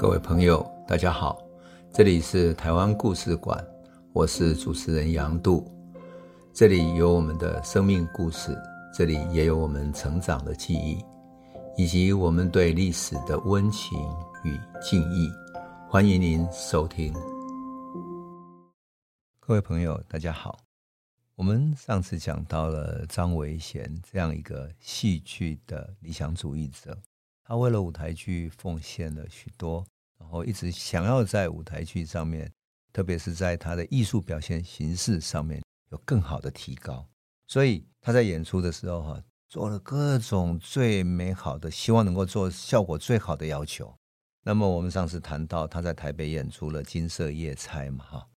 各位朋友，大家好，這裡是台灣故事館，我是主持人楊度，這裡有我們的生命故事，這裡也有我們成長的記憶，以及我們對歷史的溫情與敬意。歡迎您收聽。各位朋友，大家好，我們上次講到了張維賢這樣一個戲劇的理想主義者。他為了舞台劇奉獻了許多，然後一直想要在舞台劇上面，特別是在他的藝術表現形式上面有更好的提高。所以他在演出的時候哈，做了各種最美好的，希望能夠做效果最好的要求。那麼我們上次談到他在台北演出了《金色夜叉》嘛哈，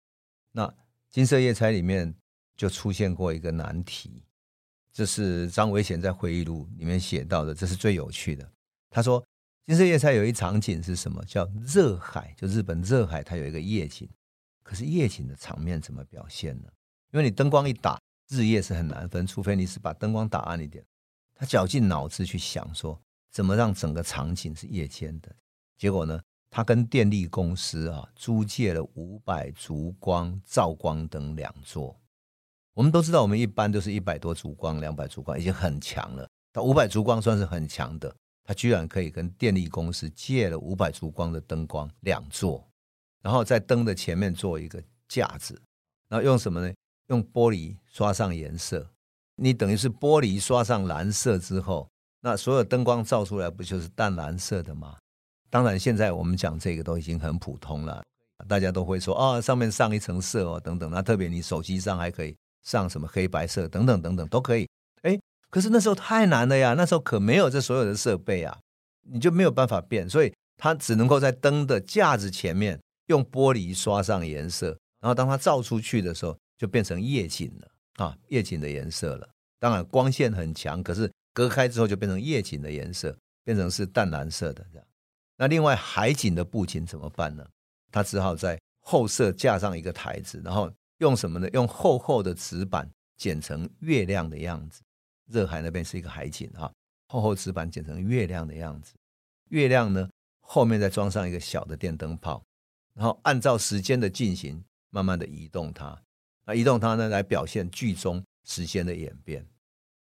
那《金色夜叉》裡面就出現過一個難題，這是張維賢在回憶錄裡面寫到的，這是最有趣的。他說：“金色夜叉有一場景是什麼？叫熱海，就日本熱海，它有一個夜景。可是夜景的場面怎麼表現呢？因為你燈光一打，日夜是很難分，除非你是把燈光打暗一點。他絞盡腦汁去想說，說怎麼讓整個場景是夜間的結果呢？他跟電力公司啊，租借了五百燭光、照光燈兩座。我們都知道，我們一般都是一百多燭光、兩百燭光，已經很強了。到五百燭光算是很強的。”他居然可以跟電力公司借了五百燭光的燈光兩座，然後在燈的前面做一個架子，然後用什麼呢？用玻璃刷上顏色，你等於是玻璃刷上藍色之後，那所有燈光照出來不就是淡藍色的嗎？當然，現在我們講這個都已經很普通了，大家都會說啊、哦，上面上一層色哦等等。那特別你手機上還可以上什麼黑白色等等等等都可以。可是那時候太難了呀，那時候可沒有這所有的設備啊，你就沒有辦法變，所以它只能夠在燈的架子前面用玻璃刷上顏色，然後當它照出去的時候就變成夜景了啊，夜景的顏色了。當然光線很強，可是隔開之後就變成夜景的顏色，變成是淡藍色的這樣。那另外海景的布景怎麼辦呢？它只好在後設架上一個台子，然後用什麼呢？用厚厚的紙板剪成月亮的樣子。熱海那邊是一個海景哈，厚厚紙板剪成月亮的樣子，月亮呢後面再裝上一個小的電燈泡，然後按照時間的進行，慢慢的移動它，啊，移動它呢來表現劇中時間的演變。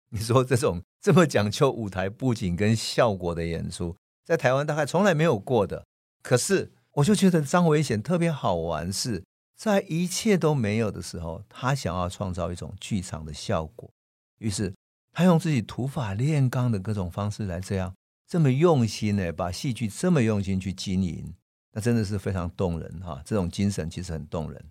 你說這種這麼講究舞台布景跟效果的演出，在台灣大概從來沒有過的。可是我就覺得張維賢特別好玩，是在一切都沒有的時候，他想要創造一種劇場的效果，於是。他用自己土法煉鋼的各種方式來這樣這麼用心呢、欸，把戲劇這麼用心去經營，那真的是非常動人哈、啊！這種精神其實很動人。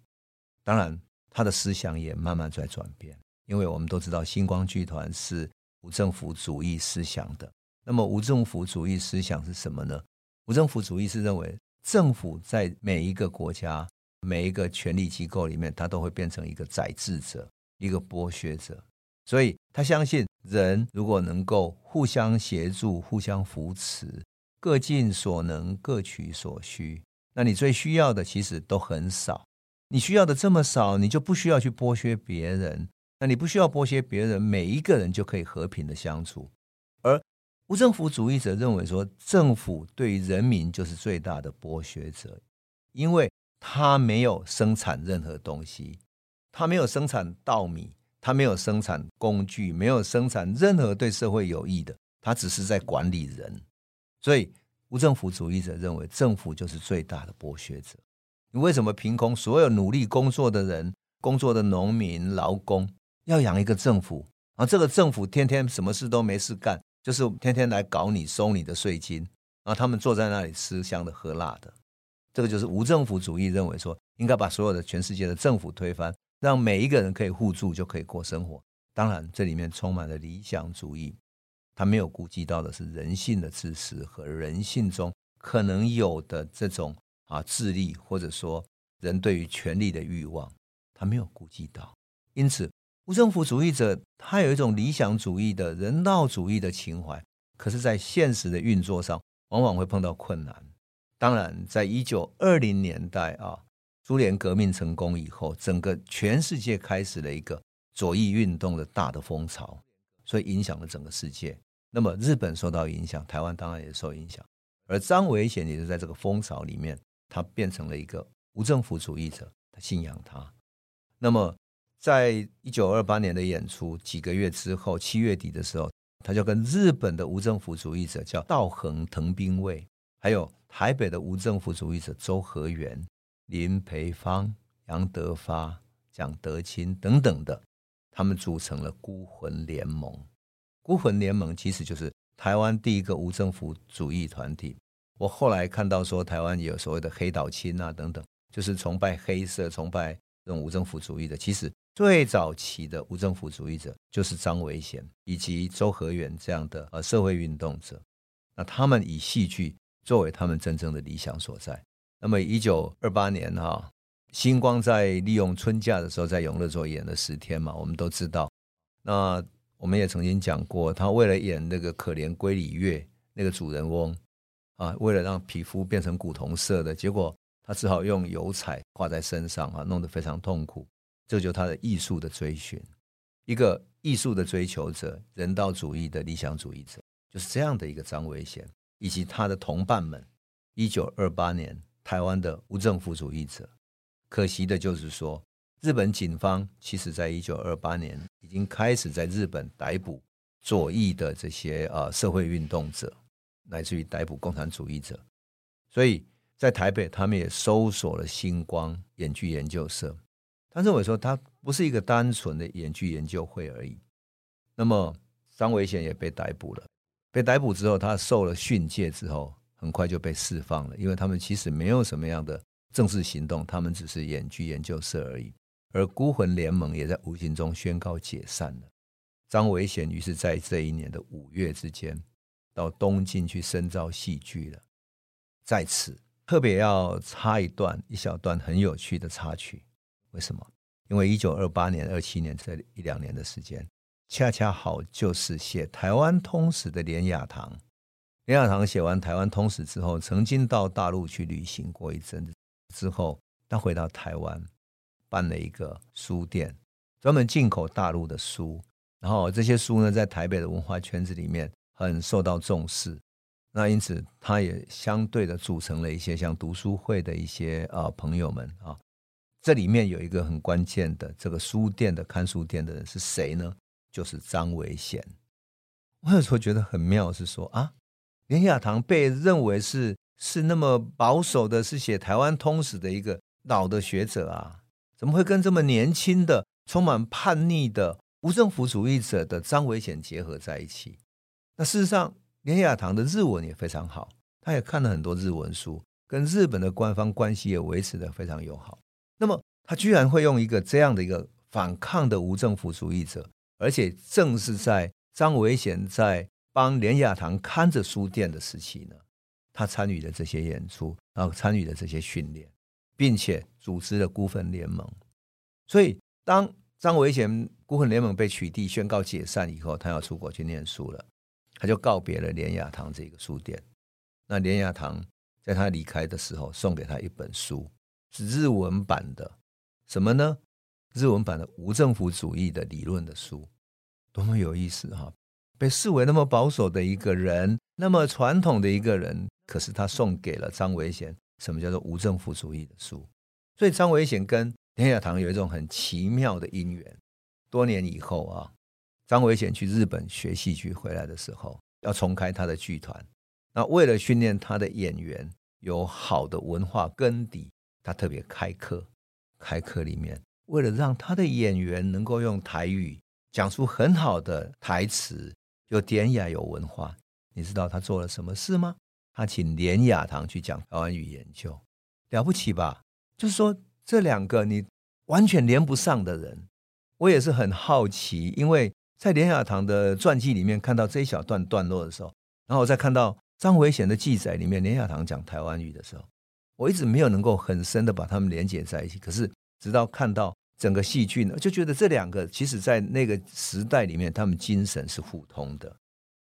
當然，他的思想也慢慢在轉變，因為我們都知道，星光劇團是無政府主義思想的。那麼，無政府主義思想是什麼呢？無政府主義是認為政府在每一個國家、每一個權力機構裡面，它都會變成一個宰制者、一個剝削者，所以他相信。人如果能夠互相協助、互相扶持，各盡所能、各取所需，那你最需要的其實都很少。你需要的這麼少，你就不需要去剝削別人。那你不需要剝削別人，每一個人就可以和平的相處。而無政府主義者認為說，政府對於人民就是最大的剝削者，因為他沒有生產任何東西，他沒有生產稻米。他沒有生產工具，沒有生產任何對社會有益的，他只是在管理人。所以，無政府主義者認為政府就是最大的剝削者。你為什麼憑空所有努力工作的人、工作的農民、勞工要養一個政府？然後，啊，這個政府天天什麼事都沒事幹，就是天天來搞你、收你的稅金。然後，啊，他們坐在那裡吃香的喝辣的。這個就是無政府主義認為說，應該把所有的全世界的政府推翻。讓每一個人可以互助，就可以過生活。當然，這裡面充滿了理想主義，他沒有顧及到的是人性的自私和人性中可能有的這種啊自利或者說人對於權力的欲望，他沒有顧及到。因此，無政府主義者他有一種理想主義的人道主義的情懷，可是，在現實的運作上，往往會碰到困難。當然，在一九二零年代啊。蘇聯革命成功以後，整個全世界開始了一個左翼運動的大的風潮，所以影響了整個世界。那麼日本受到影響，台灣當然也受影響。而張維賢也是在這個風潮裡面，他變成了一個無政府主義者，他信仰他。那麼，在一九二八年的演出幾個月之後，七月底的時候，他就跟日本的無政府主義者叫稻桓藤兵衛，還有台北的無政府主義者周合源。林培芳、楊德發、蔣德清等等的，他們組成了孤魂聯盟。孤魂聯盟其實就是台灣第一個無政府主義團體。我後來看到說，台灣有所謂的黑島親啊等等，就是崇拜黑色、崇拜這種無政府主義的。其實最早期的無政府主義者就是張維賢以及周和元這樣的呃社會運動者。那他們以戲劇作為他們真正的理想所在。那麼，一九二八年哈，星光在利用春假的時候，在永樂座演了十天嘛。我們都知道，那我們也曾經講過，他為了演那個可憐閨裡月那個主人翁啊，為了讓皮膚變成古銅色的結果，他只好用油彩畫在身上啊，弄得非常痛苦。這就是他的藝術的追尋，一個藝術的追求者，人道主義的理想主義者，就是這樣的一個張維賢以及他的同伴們，一九二八年。台灣的無政府主義者，可惜的就是說，日本警方其實在一九二八年已經開始在日本逮捕左翼的這些啊社會運動者，乃至於逮捕共產主義者，所以在台北他們也搜索了星光演劇研究社，他認為說他不是一個單純的演劇研究會而已。那麼張維賢也被逮捕了，被逮捕之後他受了訓誡之後。很快就被釋放了，因為他們其實沒有什麼樣的正式行動，他們只是演劇研究社而已。而孤魂聯盟也在無形中宣告解散了。張維賢於是在這一年的五月之間，到東京去深造戲劇了。在此特別要插一段一小段很有趣的插曲，為什麼？因為一九二八年、二七年這一兩年的時間，恰恰好就是寫台灣通史的連雅堂。連雅堂寫完《台灣通史》之後，曾經到大陸去旅行過一陣子。之後，他回到台灣，辦了一個書店，專門進口大陸的書。然後，這些書呢，在台北的文化圈子裡面很受到重視。那因此，他也相對的組成了一些像讀書會的一些啊朋友們啊。這裡面有一個很關鍵的，這個書店的看書店的人是誰呢？就是張維賢。我有時候覺得很妙，是說啊。連雅堂被認為是是那麼保守的，是寫台灣通史，的一個老的學者啊，怎麼會跟這麼年輕的、充滿叛逆的無政府主義者的張維賢結合在一起？那事實上，連雅堂的日文也非常好，他也看了很多日文書，跟日本的官方關係也維持得非常友好。那麼，他居然會用一個這樣的一個反抗的無政府主義者，而且正是在張維賢在。幫連雅堂看着書店的時期呢，他參與了這些演出，然後參與了這些訓練，並且組織了孤魂聯盟。所以，當張維賢孤魂聯盟被取締、宣告解散以後，他要出國去念書了，他就告別了連雅堂這個書店。那連雅堂在他離開的時候，送給他一本書，是日文版的，什麼呢？日文版的無政府主義的理論的書，多麼有意思哈、啊！被視為那麼保守的一個人，那麼傳統的一個人，可是他送給了張維賢什麼叫做無政府主義的書。所以張維賢跟連雅堂有一種很奇妙的姻緣。多年以後啊，張維賢去日本學戲劇回來的時候，要重開他的劇團。那為了訓練他的演員有好的文化根底，他特別開課。開課裡面，為了讓他的演員能夠用台語講出很好的台詞。有典雅有文化，你知道他做了什麼事嗎？他請連雅堂去講台灣語研究，了不起吧？就是說這兩個你完全連不上的人，我也是很好奇，因為在連雅堂的傳記裡面看到這一小段段落的時候，然後我再看到張維賢的記載裡面連雅堂講台灣語的時候，我一直沒有能夠很深的把他們連接在一起，可是直到看到。整個戲劇呢，就覺得這兩個其實在那個時代裡面，他們精神是互通的。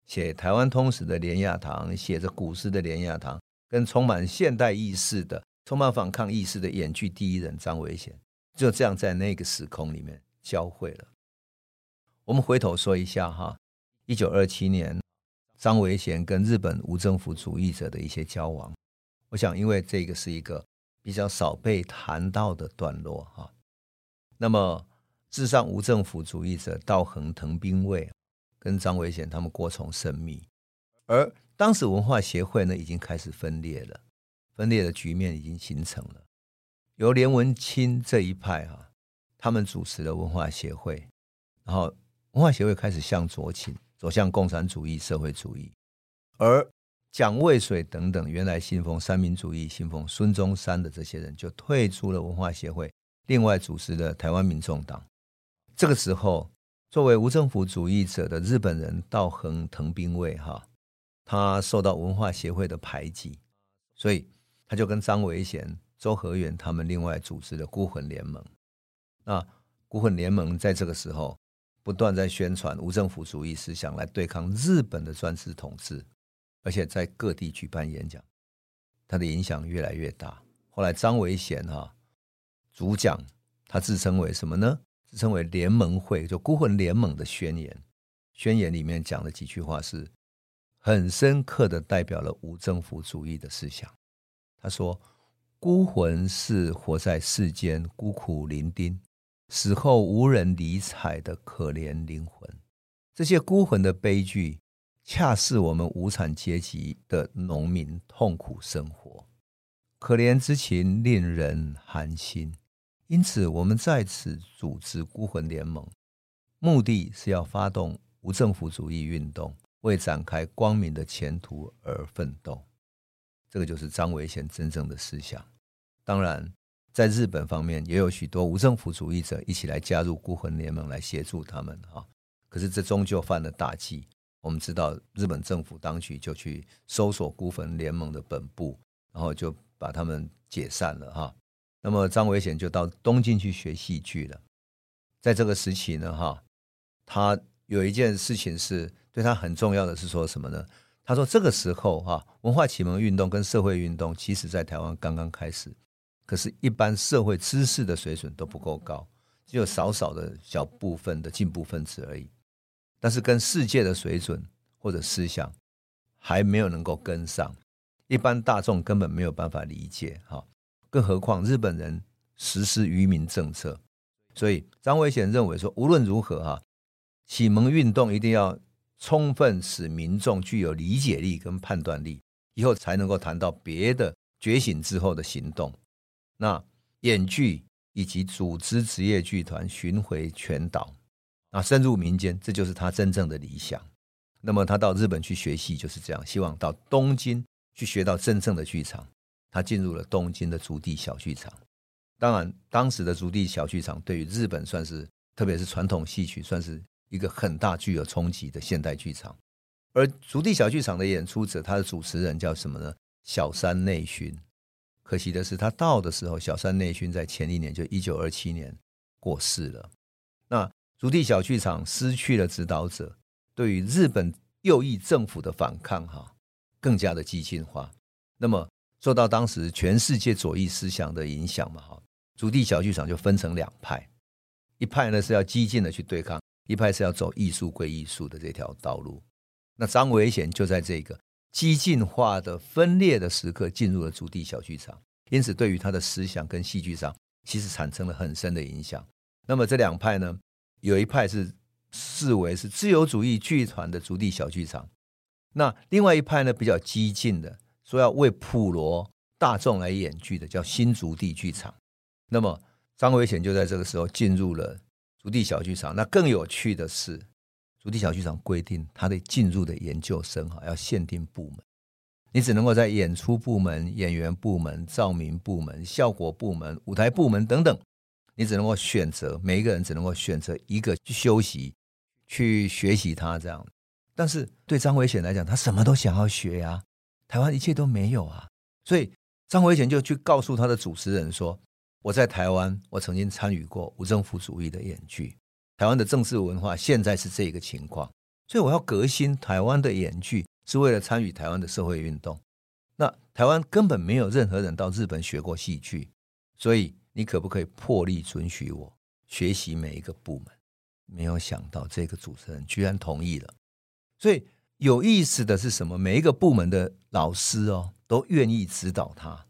寫台灣通史的連雅堂，寫着古詩的連雅堂，跟充滿現代意識的、充滿反抗意識的演劇第一人張維賢，就這樣在那個時空裡面交匯了。我們回頭說一下哈，一九二七年張維賢跟日本無政府主義者的一些交往，我想因為這個是一個比較少被談到的段落哈。那麼，至上無政府主義者稻桓藤兵衛、啊、跟張維賢他們過從甚密，而當時文化協會呢已經開始分裂了，分裂的局面已經形成了。由連溫卿這一派啊，他們主持了文化協會，然後文化協會開始向左傾，走向共產主義、社會主義。而蔣渭水等等原來信奉三民主義、信奉孫中山的這些人，就退出了文化協會。另外組織了台灣民眾黨。這個時候，作為無政府主義者的日本人稻桓藤兵衛哈，他受到文化協會的排擠，所以他就跟張維賢、周合源他們另外組織了孤魂聯盟。那孤魂聯盟在這個時候不斷在宣傳無政府主義思想來對抗日本的專制統治，而且在各地舉辦演講，他的影響越來越大。後來張維賢哈、啊。主講他自稱為什麼呢？自稱為聯盟會，就孤魂聯盟的宣言。宣言裡面講了幾句話是，是很深刻的代表了無政府主義的思想。他說：“孤魂是活在世間孤苦伶仃，死後無人理睬的可憐靈魂。這些孤魂的悲劇，恰似我們無產階級的農民痛苦生活，可憐之情令人寒心。”因此，我們在此組織孤魂聯盟，目的是要發動無政府主義運動，為展開光明的前途而奮鬥。這個就是張維賢真正的思想。當然，在日本方面也有許多無政府主義者一起來加入孤魂聯盟來協助他們哈，可是這終究犯了大忌，我們知道日本政府當局就去蒐索孤魂聯盟的本部，然後就把他們解散了哈。那麼張維賢就到東京去學戲劇了。在這個時期呢，哈，他有一件事情是對他很重要的，是說什麼呢？他說：“這個時候，哈，文化啟蒙運動跟社會運動，其實在台灣剛剛開始，可是，一般社會知識的水準都不夠高，只有少少的小部分的進步分子而已。但是，跟世界的水準或者思想還沒有能夠跟上，一般大眾根本沒有辦法理解，哈。”更何況日本人實施愚民政策，所以張維賢認為說，無論如何哈、啊，啟蒙運動一定要充分使民眾具有理解力跟判斷力，以後才能夠談到別的覺醒之後的行動。那演劇以及組織職業劇團巡回全島，啊，深入民間，這就是他真正的理想。那麼他到日本去學戲就是這樣，希望到東京去學到真正的劇場。他進入了東京的築地小劇場，當然，當時的築地小劇場對於日本算是，特別是傳統戲曲，算是一個很大具有衝擊的現代劇場。而築地小劇場的演出者，他的主持人叫什麼呢？小山內薰，可惜的是，他到的時候，小山內薰在前一年，就一九二七年過世了。那築地小劇場失去了指導者，對於日本右翼政府的反抗，哈，更加的激進化。那麼。受到當時全世界左翼思想的影響嘛，哈，築地小劇場就分成兩派，一派呢是要激進的去對抗，一派是要走藝術歸藝術的這條道路。那張維賢就在這個激進化的分裂的時刻進入了築地小劇場，因此對於他的思想跟戲劇上其實產生了很深的影響。那麼這兩派呢，有一派是視為是自由主義劇團的築地小劇場，那另外一派呢比較激進的。說要為普羅大眾來演劇的，叫新築地劇場。那麼張維賢就在這個時候進入了築地小劇場。那更有趣的是，築地小劇場規定他的進入的研究生哈，要限定部門，你只能夠在演出部門、演員部門、照明部門、效果部門、舞台部門等等，你只能夠選擇每一個人只能夠選擇一個去修習，去學習他這樣。但是對張維賢來講，他什麼都想要學呀、啊。台灣一切都沒有啊，所以張維賢就去告訴他的主持人說：“我在台灣，我曾經參與過無政府主義的演劇。台灣的政治文化現在是這個情況，所以我要革新台灣的演劇，是為了參與台灣的社會運動。那台灣根本沒有任何人到日本學過戲劇，所以你可不可以破例准許我學習每一個部門？”沒有想到這個主持人居然同意了，所以。有意思的是什麼？每一個部門的老師哦，都願意指導他，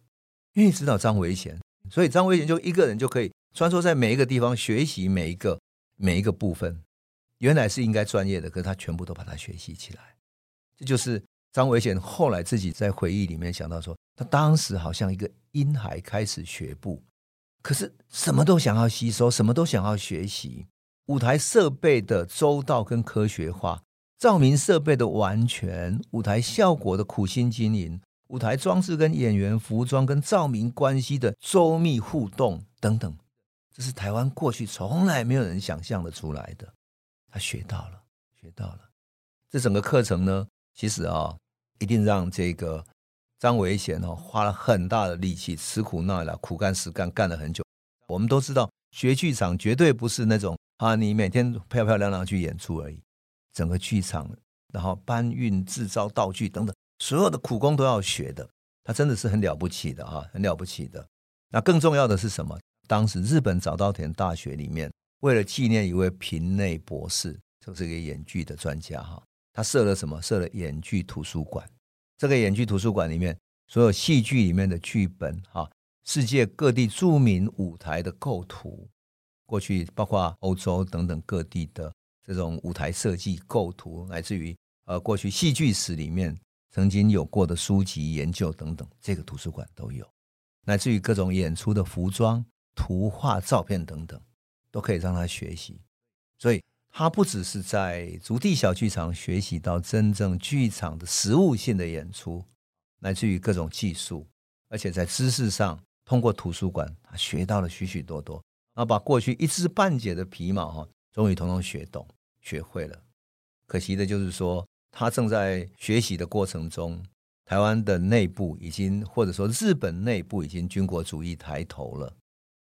願意指導張維賢，所以張維賢就一個人就可以穿梭在每一個地方學習每一個每一個部分。原來是應該專業的，可是他全部都把它學習起來。這就是張維賢後來自己在回憶裡面想到說，他當時好像一個嬰孩開始學步，可是什麼都想要吸收，什麼都想要學習。舞台設備的周到跟科學化。照明設備的完全，舞台效果的苦心經營，舞台裝置跟演員服裝跟照明關係的周密互動等等，這是台灣過去從來沒有人想象得出來的。他學到了，學到了。這整個課程呢，其實啊、哦，一定讓這個張維賢哦花了很大的力氣，吃苦耐勞，苦幹實幹，幹了很久。我們都知道，學劇場絕對不是那種啊，你每天漂漂亮亮去演出而已。整個劇場，然後搬運、製造道具等等，所有的苦工都要學的，他真的是很了不起的啊，很了不起的。那更重要的是什麼？當時日本早稻田大學裡面，為了紀念一位坪內博士，就是一個演劇的專家哈，他設了什麼？設了演劇圖書館。這個演劇圖書館裡面，所有戲劇裡面的劇本哈，世界各地著名舞台的構圖，過去包括歐洲等等各地的。這種舞台設計、構圖，乃至於呃，過去戲劇史裡面曾經有過的書籍研究等等，這個圖書館都有。乃至於各種演出的服裝、圖畫、照片等等，都可以讓他學習。所以他不只是在築地小劇場學習到真正劇場的實物性的演出，乃至於各種技術，而且在知識上通過圖書館，他學到了許許多多。然後把過去一知半解的皮毛終於統統學懂。學會了，可惜的就是說，他正在學習的過程中，台灣的內部已經，或者說日本內部已經軍國主義抬頭了，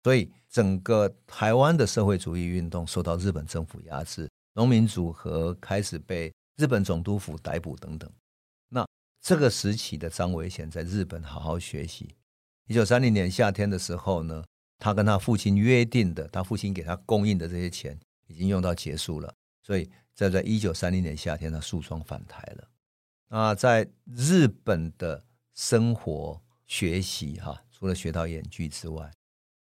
所以整個台灣的社會主義運動受到日本政府壓制，農民組合開始被日本總督府逮捕等等。那這個時期的張維賢在日本好好學習。一九三零年夏天的時候呢，他跟他父親約定的，他父親給他供應的這些錢已經用到結束了。所以，在在一九三零年夏天，他束裝返台了。那在日本的生活學習，哈，除了學到演劇之外，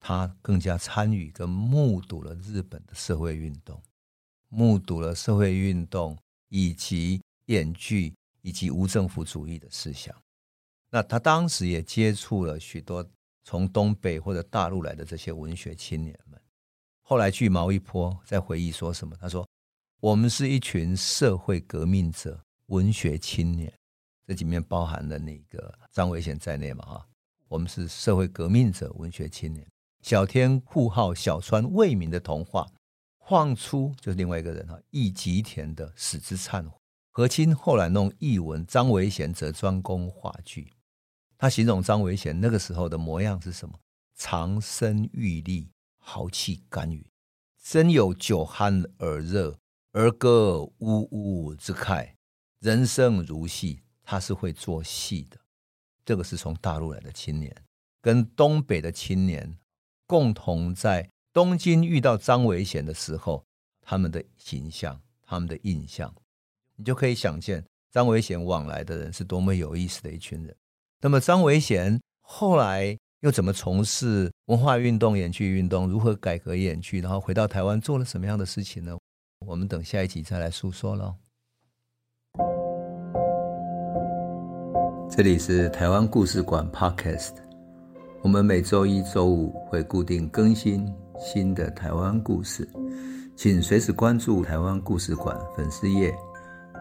他更加參與跟目睹了日本的社會運動，目睹了社會運動以及演劇以及無政府主義的思想。那他當時也接觸了許多從東北或者大陸來的這些文學青年們。後來，據毛一波在回憶說什麼？他說。我們是一群社會革命者、文學青年，這裡面包含了那個張維賢在內嘛？哈，我們是社會革命者、文學青年。小天酷號小川未明的童話，晃初，就是另外一個人哈，易吉田的使之懺悔和親後來弄譯文，張維賢則專攻話劇。他形容張維賢那個時候的模樣是什麼？長身玉立，豪氣干雲，真有酒酣耳熱兒歌嗚嗚之慨。人生如戲，他是會做戲的。這個是從大陸來的青年，跟東北的青年共同在東京遇到張維賢的時候，他們的形象、他們的印象，你就可以想見張維賢往來的人是多麼有意思的一群人。那麼張維賢後來又怎麼從事文化運動、演劇運動，如何改革演劇，然後回到台灣做了什麼樣的事情呢？我們等下一集再來訴說嘍。這裡是台灣故事館 Podcast，我們每周一、周五會固定更新新的台灣故事，請隨時關注台灣故事館粉絲頁，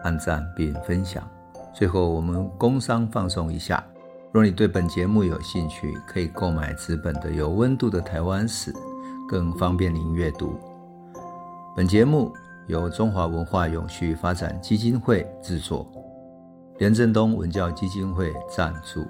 按讚並分享。最後，我們工商放送一下。若你對本節目有興趣，可以購買紙本的《有溫度的台灣史》，更方便您閱讀。本節目。由中華文化永續發展基金會制作，連震東文教基金會贊助。